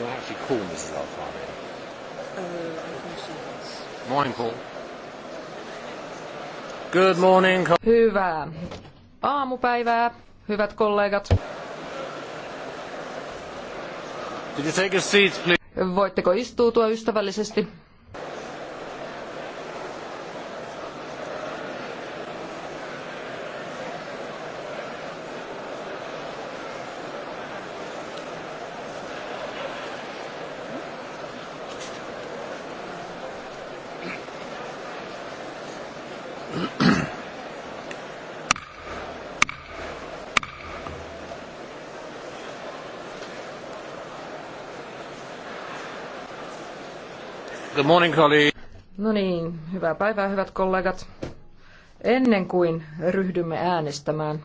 Do I actually call Mrs. Alfano? Uh, I think she does. Morning, Paul. Good morning. Hyvää aamupäivää, hyvät kollegat. Did you take a seat, please? Voitteko istuutua ystävällisesti? Good morning, colleague. No niin, hyvää päivää, hyvät kollegat. Ennen kuin ryhdymme äänestämään,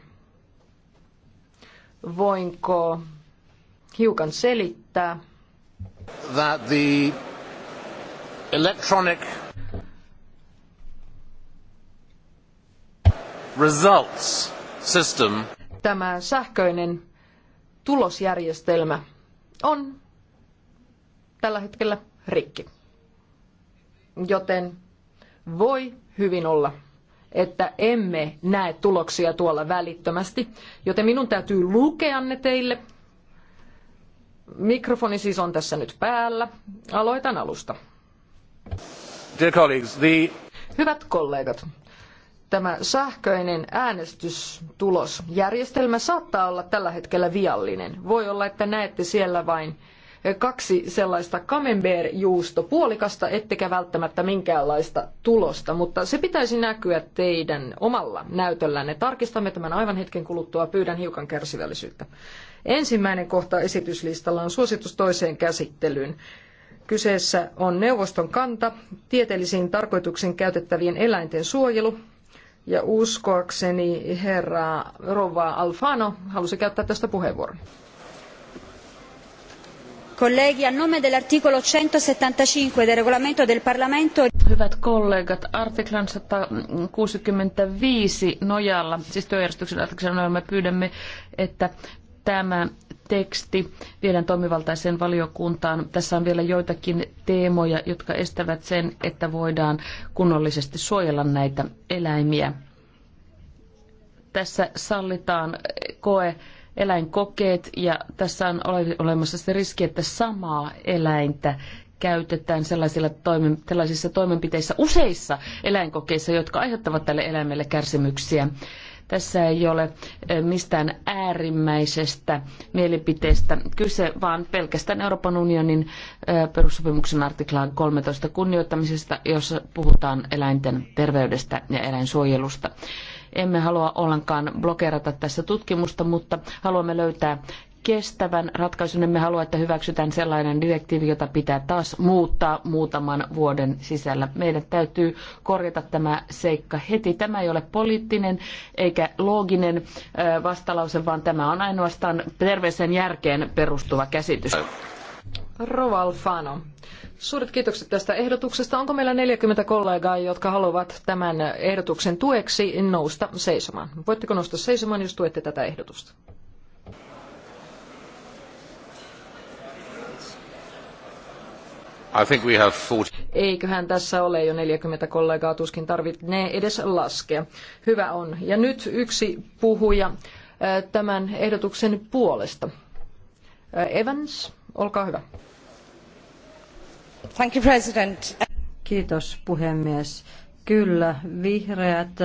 voinko hiukan selittää, that the electronic results system tämä sähköinen tulosjärjestelmä on tällä hetkellä rikki. Joten voi hyvin olla, että emme näe tuloksia tuolla välittömästi, joten minun täytyy lukea ne teille. Mikrofoni siis on tässä nyt päällä. Aloitan alusta. Dear colleagues, the... Hyvät kollegat, tämä sähköinen äänestystulosjärjestelmä saattaa olla tällä hetkellä viallinen. Voi olla, että näette siellä vain kaksi sellaista camembert puolikasta, ettekä välttämättä minkäänlaista tulosta, mutta se pitäisi näkyä teidän omalla näytöllänne. Tarkistamme tämän aivan hetken kuluttua, pyydän hiukan kärsivällisyyttä. Ensimmäinen kohta esityslistalla on suositus toiseen käsittelyyn. Kyseessä on neuvoston kanta, tieteellisiin tarkoituksiin käytettävien eläinten suojelu, ja uskoakseni herra Rova Alfano halusi käyttää tästä puheenvuoron. Colleghi, a nome dell'articolo centosettantacinque del regolamento del Parlamento... Hyvät kollegat, artiklan satakuusikymmentäviisi nojalla, siis työjärjestyksen artiklan nojalla me pyydämme, että tämä teksti viedään toimivaltaiseen valiokuntaan. Tässä on vielä joitakin teemoja, jotka estävät sen, että voidaan kunnollisesti suojella näitä eläimiä. Tässä sallitaan koe eläinkokeet ja tässä on olemassa se riski, että samaa eläintä käytetään sellaisilla toimen, toimenpiteissä useissa eläinkokeissa, jotka aiheuttavat tälle eläimelle kärsimyksiä. Tässä ei ole e, mistään äärimmäisestä mielipiteestä kyse, vaan pelkästään Euroopan unionin e, perussopimuksen artiklaan 13 kunnioittamisesta, jossa puhutaan eläinten terveydestä ja eläinsuojelusta. Emme halua ollenkaan blokerata tässä tutkimusta, mutta haluamme löytää kestävän ratkaisun. Emme halua, että hyväksytään sellainen direktiivi, jota pitää taas muuttaa muutaman vuoden sisällä. Meidän täytyy korjata tämä seikka heti. Tämä ei ole poliittinen eikä looginen vastalause, vaan tämä on ainoastaan terveeseen järkeen perustuva käsitys. Suuret kiitokset tästä ehdotuksesta. Onko meillä 40 kollegaa, jotka haluavat tämän ehdotuksen tueksi nousta seisomaan? Voitteko nousta seisomaan, jos tuette tätä ehdotusta? I think we have Eiköhän tässä ole jo 40 kollegaa, tuskin tarvitse edes laskea. Hyvä on. Ja nyt yksi puhuja äh, tämän ehdotuksen puolesta. Äh, Evans, olkaa hyvä. Kiitos puhemies. Kyllä, vihreät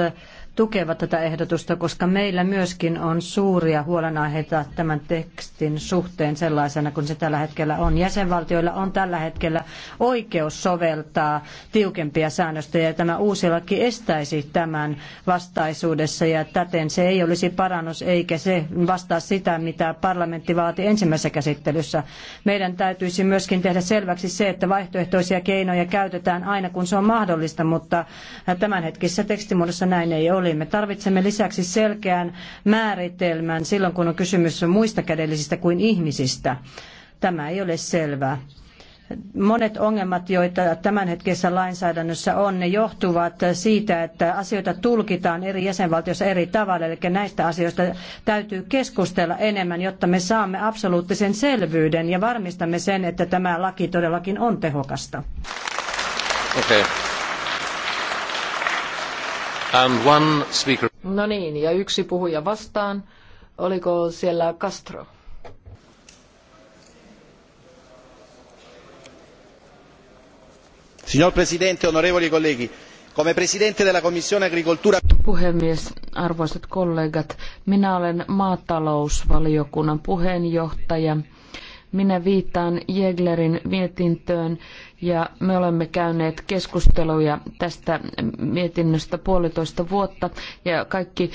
tukevat tätä ehdotusta, koska meillä myöskin on suuria huolenaiheita tämän tekstin suhteen sellaisena kuin se tällä hetkellä on. Jäsenvaltioilla on tällä hetkellä oikeus soveltaa tiukempia säännöstöjä ja tämä uusi laki estäisi tämän vastaisuudessa ja täten se ei olisi parannus eikä se vastaa sitä, mitä parlamentti vaati ensimmäisessä käsittelyssä. Meidän täytyisi myöskin tehdä selväksi se, että vaihtoehtoisia keinoja käytetään aina kun se on mahdollista, mutta tämänhetkisessä tekstimuodossa näin ei ole oli. Me tarvitsemme lisäksi selkeän määritelmän silloin, kun on kysymys muista kädellisistä kuin ihmisistä. Tämä ei ole selvää monet ongelmat, joita tämänhetkisessä lainsäädännössä on, ne johtuvat siitä, että asioita tulkitaan eri jäsenvaltioissa eri tavalla. Eli näistä asioista täytyy keskustella enemmän, jotta me saamme absoluuttisen selvyyden ja varmistamme sen, että tämä laki todellakin on tehokasta. Okay. And one speaker. No niin, ja yksi puhuja vastaan. Oliko siellä Castro? Signor Presidente, onorevoli colleghi, come Presidente della Commissione Agricoltura... Puhemies, arvoisat kollegat, minä olen maatalousvaliokunnan puheenjohtaja. Minä viittaan Jeglerin mietintöön ja me olemme käyneet keskusteluja tästä mietinnöstä puolitoista vuotta ja kaikki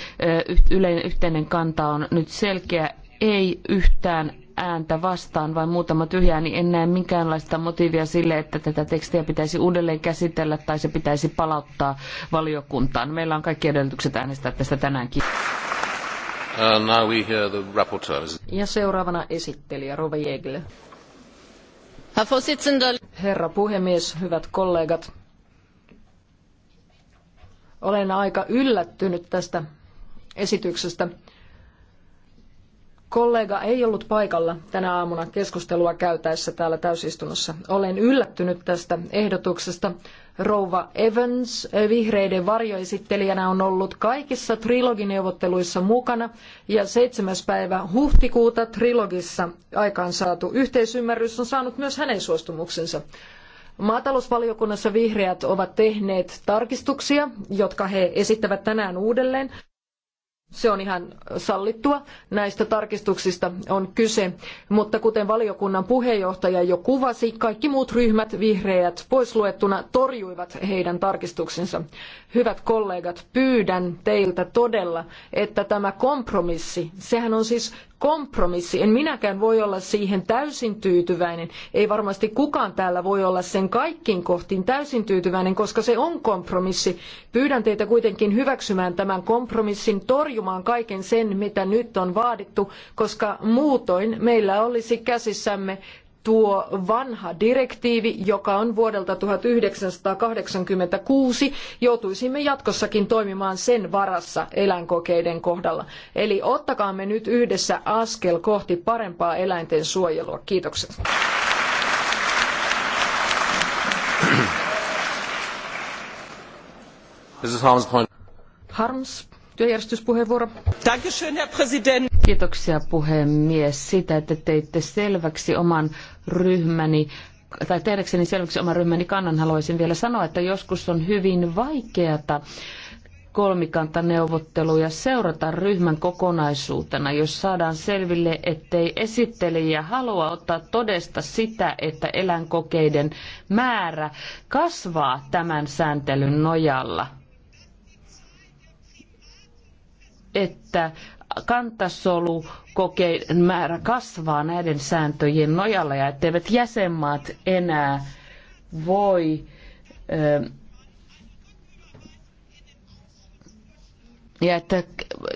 yleinen yhteinen kanta on nyt selkeä. Ei yhtään ääntä vastaan vain muutama tyhjää, niin en näe minkäänlaista motiivia sille, että tätä tekstiä pitäisi uudelleen käsitellä tai se pitäisi palauttaa valiokuntaan. Meillä on kaikki edellytykset äänestää tästä tänäänkin. Uh, now we hear the rapporteurs. Ja seuraavana esittelijä Rova Jägel. Herra puhemies, hyvät kollegat. Olen aika yllättynyt tästä esityksestä. Kollega ei ollut paikalla tänä aamuna keskustelua käytäessä täällä täysistunnossa. Olen yllättynyt tästä ehdotuksesta. Rouva Evans vihreiden varjoesittelijänä on ollut kaikissa trilogineuvotteluissa mukana ja 7. päivä huhtikuuta trilogissa aikaansaatu yhteisymmärrys on saanut myös hänen suostumuksensa. Maatalousvaliokunnassa vihreät ovat tehneet tarkistuksia, jotka he esittävät tänään uudelleen. Se on ihan sallittua. Näistä tarkistuksista on kyse. Mutta kuten valiokunnan puheenjohtaja jo kuvasi, kaikki muut ryhmät, vihreät pois luettuna, torjuivat heidän tarkistuksensa. Hyvät kollegat, pyydän teiltä todella, että tämä kompromissi, sehän on siis kompromissi. En minäkään voi olla siihen täysin tyytyväinen. Ei varmasti kukaan täällä voi olla sen kaikkiin kohtiin täysin tyytyväinen, koska se on kompromissi. Pyydän teitä kuitenkin hyväksymään tämän kompromissin torjumaan vaatimaan kaiken sen, mitä nyt on vaadittu, koska muutoin meillä olisi käsissämme tuo vanha direktiivi, joka on vuodelta 1986, joutuisimme jatkossakin toimimaan sen varassa eläinkokeiden kohdalla. Eli ottakaamme nyt yhdessä askel kohti parempaa eläinten suojelua. Kiitokset. Harms, Työjärjestyspuheenvuoro. Kiitoksia puhemies siitä, että teitte selväksi oman ryhmäni tai tehdäkseni selväksi oman ryhmäni kannan haluaisin vielä sanoa, että joskus on hyvin vaikeata kolmikantaneuvotteluja seurata ryhmän kokonaisuutena, jos saadaan selville, ettei esittelijä halua ottaa todesta sitä, että eläinkokeiden määrä kasvaa tämän sääntelyn nojalla että kantasolukokeiden määrä kasvaa näiden sääntöjen nojalla ja etteivät jäsenmaat enää voi ö, ja että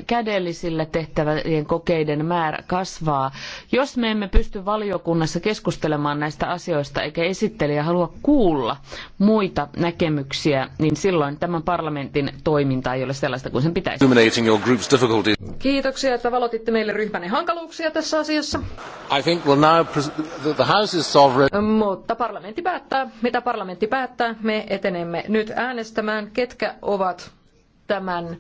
kädellisillä tehtävien kokeiden määrä kasvaa. Jos me emme pysty valiokunnassa keskustelemaan näistä asioista eikä esittelijä halua kuulla muita näkemyksiä, niin silloin tämän parlamentin toiminta ei ole sellaista kuin sen pitäisi. Kiitoksia, että valotitte meille ryhmänne hankaluuksia tässä asiassa. We'll Mutta parlamentti päättää, mitä parlamentti päättää. Me etenemme nyt äänestämään, ketkä ovat tämän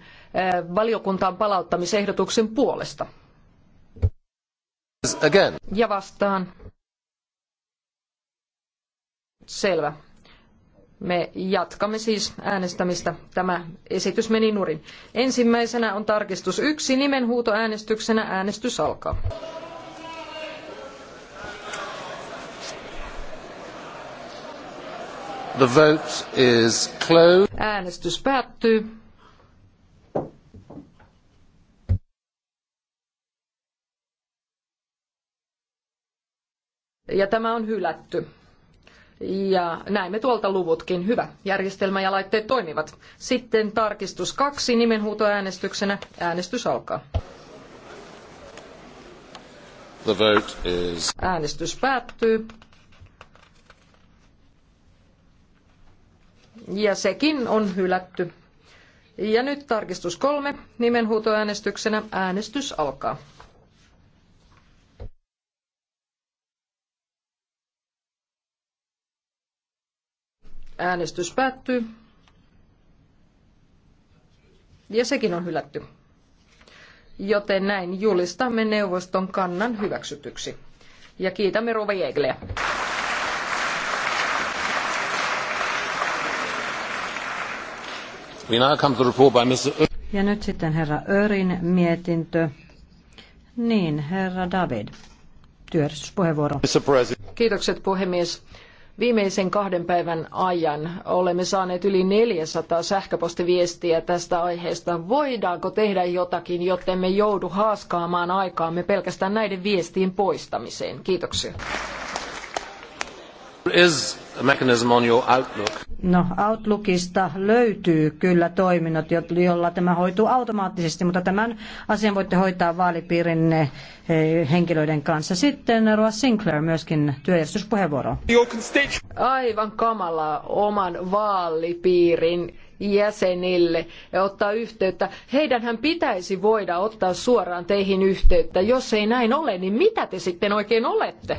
valiokuntaan palauttamisehdotuksen puolesta? Again. Ja vastaan. Selvä. Me jatkamme siis äänestämistä. Tämä esitys meni nurin. Ensimmäisenä on tarkistus yksi äänestyksenä Äänestys alkaa. The vote is closed. Äänestys päättyy. ja tämä on hylätty. Ja näemme tuolta luvutkin. Hyvä. Järjestelmä ja laitteet toimivat. Sitten tarkistus kaksi nimenhuutoäänestyksenä. Äänestys alkaa. The vote is... Äänestys päättyy. Ja sekin on hylätty. Ja nyt tarkistus kolme nimenhuutoäänestyksenä. Äänestys alkaa. Äänestys päättyy. Ja sekin on hylätty. Joten näin julistamme neuvoston kannan hyväksytyksi. Ja kiitämme Rova Jegleä. Ja nyt sitten herra Örin mietintö. Niin, herra David. Työjärjestyspuheenvuoro. Kiitokset puhemies. Viimeisen kahden päivän ajan olemme saaneet yli 400 sähköpostiviestiä tästä aiheesta. Voidaanko tehdä jotakin, jottemme joudu haaskaamaan aikaamme pelkästään näiden viestien poistamiseen? Kiitoksia. No, Outlookista löytyy kyllä toiminnot, jolla tämä hoituu automaattisesti, mutta tämän asian voitte hoitaa vaalipiirin eh, henkilöiden kanssa. Sitten Roa Sinclair myöskin työjärjestyspuheenvuoro. Aivan kamalaa oman vaalipiirin jäsenille ja ottaa yhteyttä. Heidänhän pitäisi voida ottaa suoraan teihin yhteyttä. Jos ei näin ole, niin mitä te sitten oikein olette?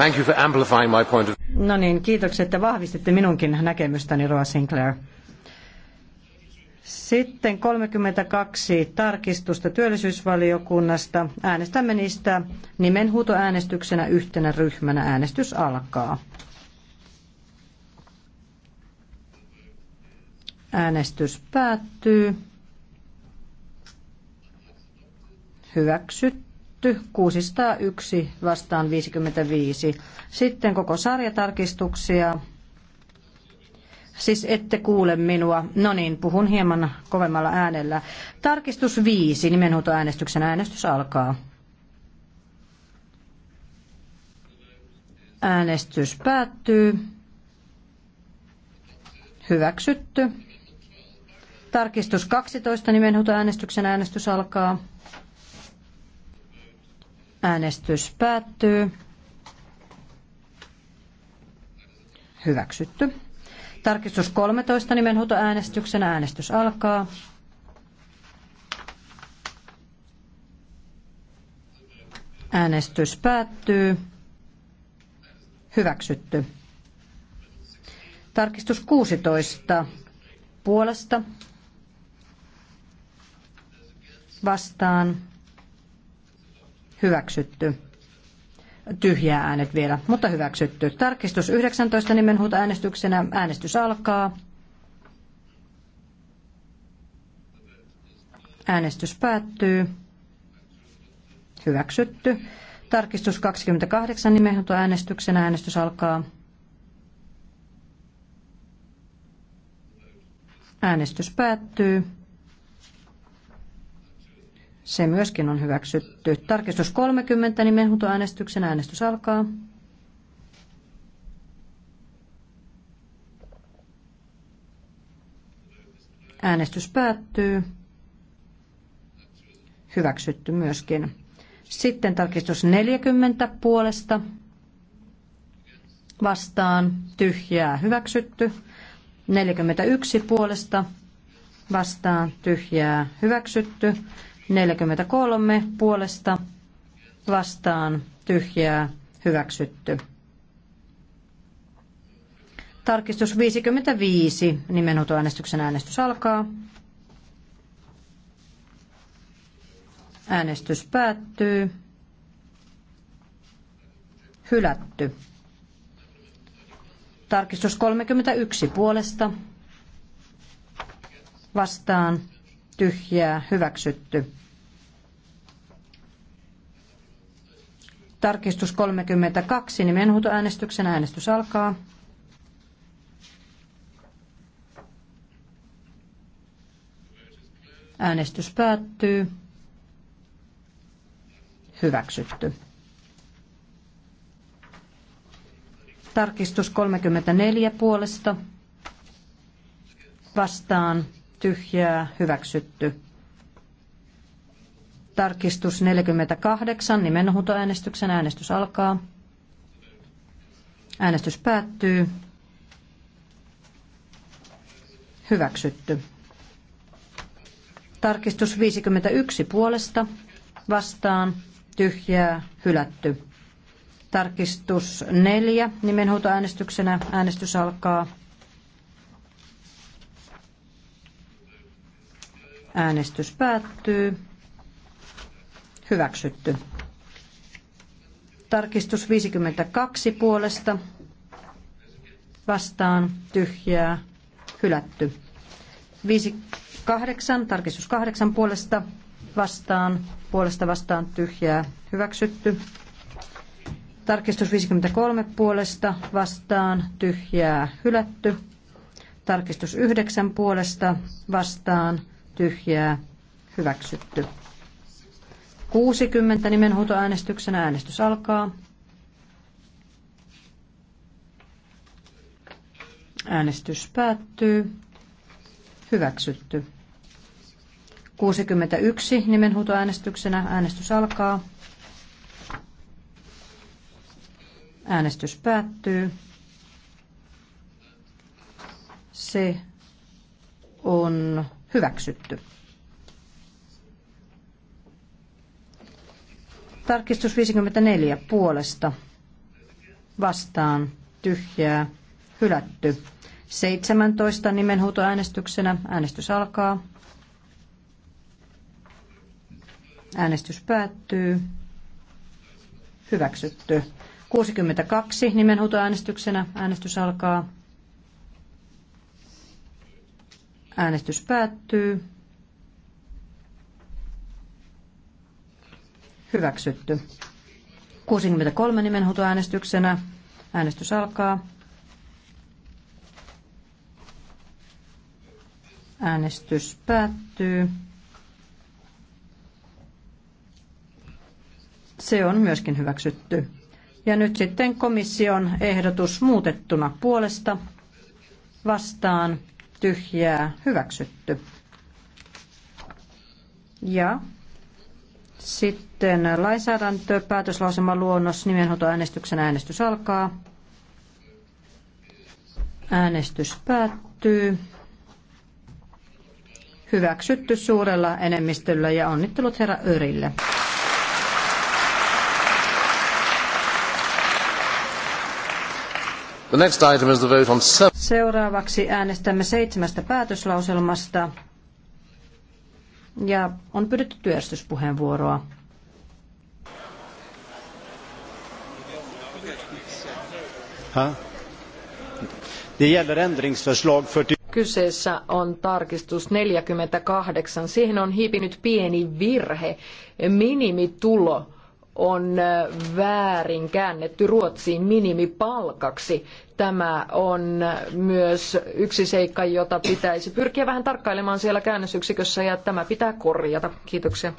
thank you for amplifying my point of... No niin, kiitokset, että vahvistitte minunkin näkemystäni, Roa Sinclair. Sitten 32 tarkistusta työllisyysvaliokunnasta. Äänestämme niistä nimenhuutoäänestyksenä yhtenä ryhmänä. Äänestys alkaa. Äänestys päättyy. Hyväksyt hylätty 601 vastaan 55. Sitten koko sarjatarkistuksia. Siis ette kuule minua. No niin, puhun hieman kovemmalla äänellä. Tarkistus 5, nimenhuutoäänestyksen äänestys alkaa. Äänestys päättyy. Hyväksytty. Tarkistus 12, nimenhuutoäänestyksen äänestys alkaa. Äänestys päättyy. Hyväksytty. Tarkistus 13 nimenhuutoäänestyksen äänestys alkaa. Äänestys päättyy. Hyväksytty. Tarkistus 16 puolesta vastaan hyväksytty. Tyhjää äänet vielä, mutta hyväksytty. Tarkistus 19 nimenhuuta äänestyksenä. Äänestys alkaa. Äänestys päättyy. Hyväksytty. Tarkistus 28 nimenhuuto äänestyksenä. Äänestys alkaa. Äänestys päättyy. Se myöskin on hyväksytty. Tarkistus 30, niin mehutoäänestyksen äänestys alkaa. Äänestys päättyy. Hyväksytty myöskin. Sitten tarkistus 40 puolesta. Vastaan. Tyhjää. Hyväksytty. 41 puolesta. Vastaan. Tyhjää. Hyväksytty. 43 puolesta vastaan tyhjää hyväksytty. Tarkistus 55. äänestyksen äänestys alkaa. Äänestys päättyy. Hylätty. Tarkistus 31 puolesta. Vastaan. Tyhjää. Hyväksytty. Tarkistus 32, nimenhuutoäänestyksen äänestys alkaa. Äänestys päättyy. Hyväksytty. Tarkistus 34 puolesta. Vastaan tyhjää hyväksytty. Tarkistus 48, nimenhuutoäänestyksen äänestys alkaa. Äänestys päättyy. Hyväksytty. Tarkistus 51 puolesta vastaan tyhjää hylätty. Tarkistus 4 nimenhuutoäänestyksenä äänestys alkaa. Äänestys päättyy. Hyväksytty. Tarkistus 52 puolesta. Vastaan tyhjää. Hylätty. 58, tarkistus 8 puolesta. Vastaan, puolesta vastaan tyhjää. Hyväksytty. Tarkistus 53 puolesta vastaan tyhjää hylätty. Tarkistus 9 puolesta vastaan tyhjää hyväksytty. 60 nimenhuutoäänestyksenä äänestys alkaa. Äänestys päättyy. Hyväksytty. 61 nimenhuutoäänestyksenä äänestys alkaa. Äänestys päättyy. Se on hyväksytty. Tarkistus 54 puolesta vastaan tyhjää hylätty. 17 nimenhuutoäänestyksenä. Äänestys alkaa. Äänestys päättyy. Hyväksytty. 62 nimenhuutoäänestyksenä. Äänestys alkaa. Äänestys päättyy. Hyväksytty. 63 nimenhuutoäänestyksenä. Äänestys alkaa. Äänestys päättyy. Se on myöskin hyväksytty. Ja nyt sitten komission ehdotus muutettuna puolesta vastaan tyhjää hyväksytty. Ja sitten lainsäädäntö, päätöslausema luonnos, nimenhoitoäänestyksen äänestys alkaa. Äänestys päättyy. Hyväksytty suurella enemmistöllä ja onnittelut herra Örille. Seuraavaksi äänestämme seitsemästä päätöslauselmasta ja on pyydetty työstyspuheenvuoroa. Kyseessä on tarkistus 48. Siihen on hiipinyt pieni virhe. Minimitulo on väärin käännetty Ruotsiin minimipalkaksi. Tämä on myös yksi seikka, jota pitäisi pyrkiä vähän tarkkailemaan siellä käännösyksikössä ja tämä pitää korjata. Kiitoksia.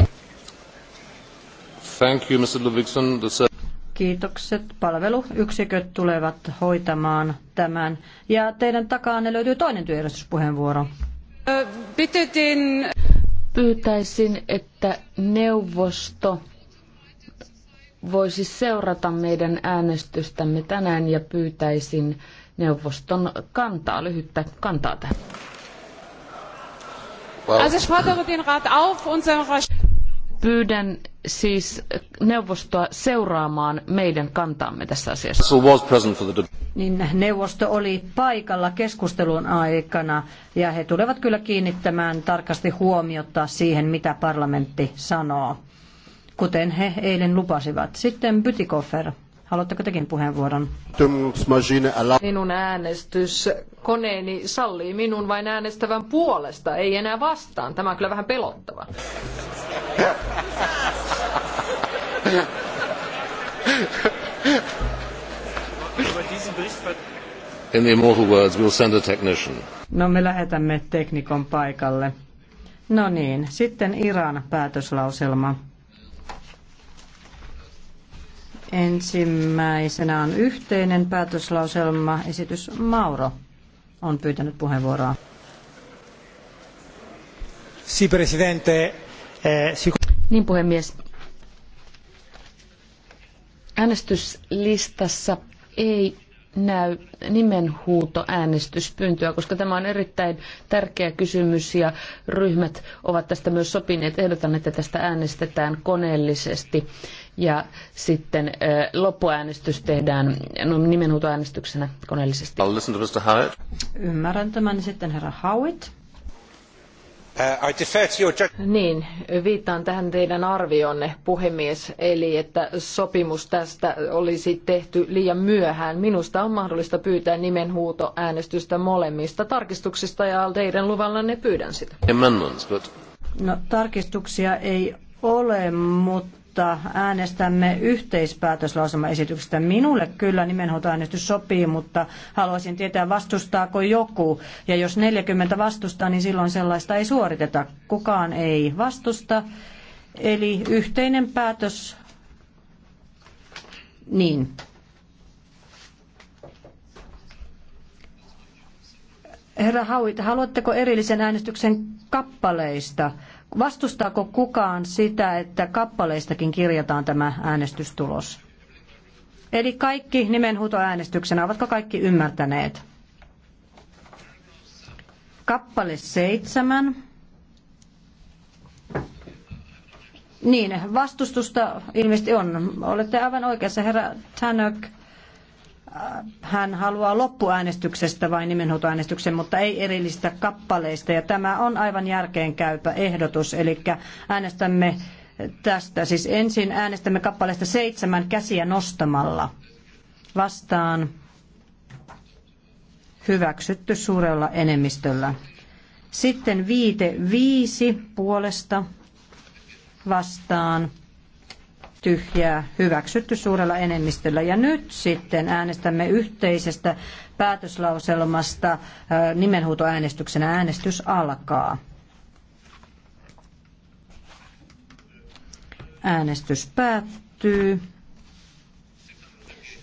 Thank you, Mr. Ludvigson. Kiitokset. Palveluyksiköt tulevat hoitamaan tämän. Ja teidän takaanne löytyy toinen työjärjestyspuheenvuoro. Pyytäisin, että neuvosto voisi seurata meidän äänestystämme tänään ja pyytäisin neuvoston kantaa, lyhyttä kantaa tähän. pyydän siis neuvostoa seuraamaan meidän kantaamme tässä asiassa. Niin neuvosto oli paikalla keskustelun aikana ja he tulevat kyllä kiinnittämään tarkasti huomiota siihen, mitä parlamentti sanoo kuten he eilen lupasivat. Sitten Bytikofer. Haluatteko tekin puheenvuoron? Minun äänestys koneeni sallii minun vain äänestävän puolesta, ei enää vastaan. Tämä on kyllä vähän pelottava. In the immortal words, we'll send a technician. No me lähetämme teknikon paikalle. No niin, sitten Iran päätöslauselma. Ensimmäisenä on yhteinen päätöslauselma. Esitys Mauro on pyytänyt puheenvuoroa. Si, presidente. Eh, si... Niin puhemies. Äänestyslistassa ei näy nimenhuutoäänestyspyyntöä, koska tämä on erittäin tärkeä kysymys ja ryhmät ovat tästä myös sopineet. Ehdotan, että tästä äänestetään koneellisesti ja sitten loppuäänestys tehdään no, nimenhuutoäänestyksenä koneellisesti. Ymmärrän tämän. Niin sitten herra Howitt. Uh, niin, viittaan tähän teidän arvionne, puhemies, eli että sopimus tästä olisi tehty liian myöhään. Minusta on mahdollista pyytää nimenhuuto äänestystä molemmista tarkistuksista ja teidän luvallanne pyydän sitä. No, tarkistuksia ei ole, mutta mutta äänestämme yhteispäätöslauselmaesityksestä. Minulle kyllä nimenhuutoäänestys sopii, mutta haluaisin tietää vastustaako joku. Ja jos 40 vastustaa, niin silloin sellaista ei suoriteta. Kukaan ei vastusta. Eli yhteinen päätös. Niin. Herra Hauit, haluatteko erillisen äänestyksen kappaleista? Vastustaako kukaan sitä, että kappaleistakin kirjataan tämä äänestystulos? Eli kaikki nimenhuutoäänestyksenä, ovatko kaikki ymmärtäneet? Kappale seitsemän. Niin, vastustusta ilmeisesti on. Olette aivan oikeassa, herra Tanök hän haluaa loppuäänestyksestä vain nimenhuutoäänestyksen, mutta ei erillistä kappaleista. Ja tämä on aivan järkeenkäypä ehdotus, eli äänestämme tästä. Siis ensin äänestämme kappaleesta seitsemän käsiä nostamalla vastaan hyväksytty suurella enemmistöllä. Sitten viite viisi puolesta vastaan tyhjää hyväksytty suurella enemmistöllä. Ja nyt sitten äänestämme yhteisestä päätöslauselmasta äh, nimenhuutoäänestyksenä. Äänestys alkaa. Äänestys päättyy.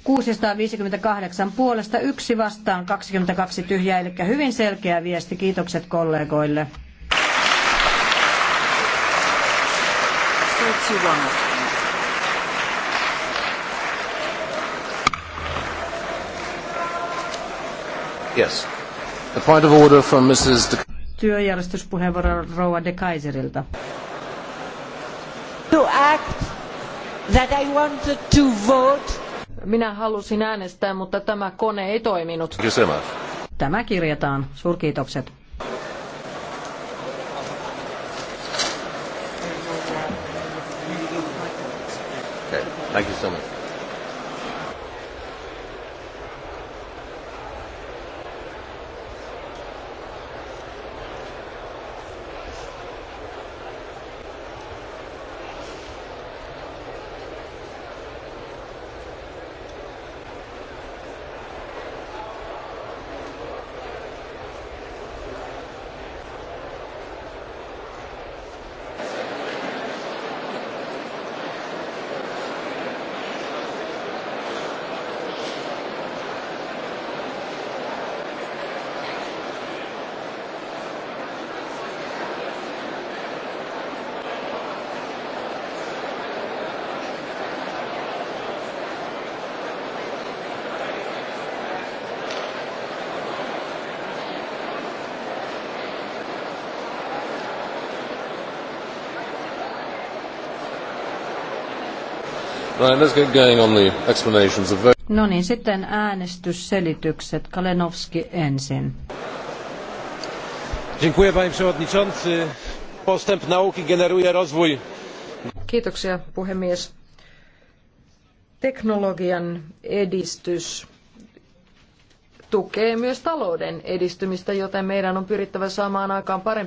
658 puolesta, yksi vastaan, 22 tyhjää, eli hyvin selkeä viesti. Kiitokset kollegoille. 31. Yes. A point of order from Mrs. De... Työjärjestyspuheenvuoro Rouva de Kaiserilta. To act that I wanted to vote. Minä halusin äänestää, mutta tämä kone ei toiminut. Kysemään. Tämä kirjataan. Suurkiitokset. Okay. Thank you so much. No niin, sitten äänestysselitykset. Kalenowski ensin. Dziękuję panie przewodniczący. Postęp nauki generuje rozwój. Kiitoksia puhemies. Teknologian edistys tukee myös talouden edistymistä, joten meidän on pyrittävä saamaan aikaan parempi